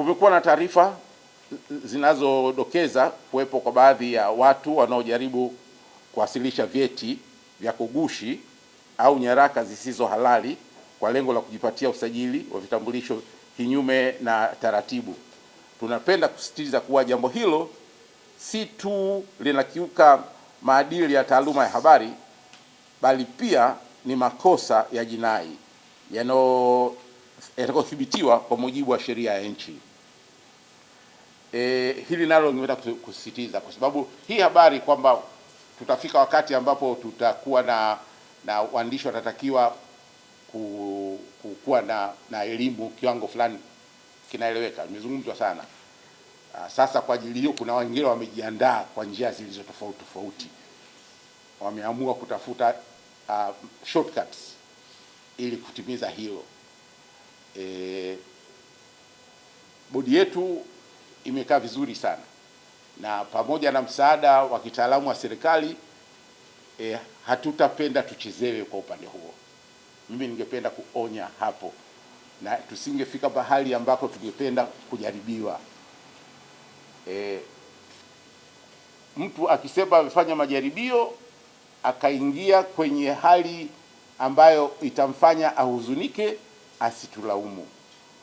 Kumekuwa na taarifa zinazodokeza kuwepo kwa baadhi ya watu wanaojaribu kuwasilisha vyeti vya kugushi au nyaraka zisizo halali kwa lengo la kujipatia usajili wa vitambulisho kinyume na taratibu. Tunapenda kusisitiza kuwa jambo hilo si tu linakiuka maadili ya taaluma ya habari, bali pia ni makosa ya jinai yanayothibitiwa kwa mujibu wa sheria ya nchi e, hili nalo ningependa kusisitiza kwa sababu hii habari kwamba tutafika wakati ambapo tutakuwa na na waandishi watatakiwa ku, ku, kuwa na, na elimu kiwango fulani kinaeleweka, imezungumzwa sana. Ah, sasa kwa ajili hiyo kuna wengine wamejiandaa kwa njia zilizo tofauti tofauti, wameamua kutafuta uh, shortcuts ili kutimiza hilo. E, bodi yetu imekaa vizuri sana, na pamoja na msaada wa kitaalamu wa serikali e, hatutapenda tuchezewe kwa upande huo. Mimi ningependa kuonya hapo, na tusingefika bahali ambako tungependa kujaribiwa. E, mtu akisema amefanya majaribio akaingia kwenye hali ambayo itamfanya ahuzunike, asitulaumu.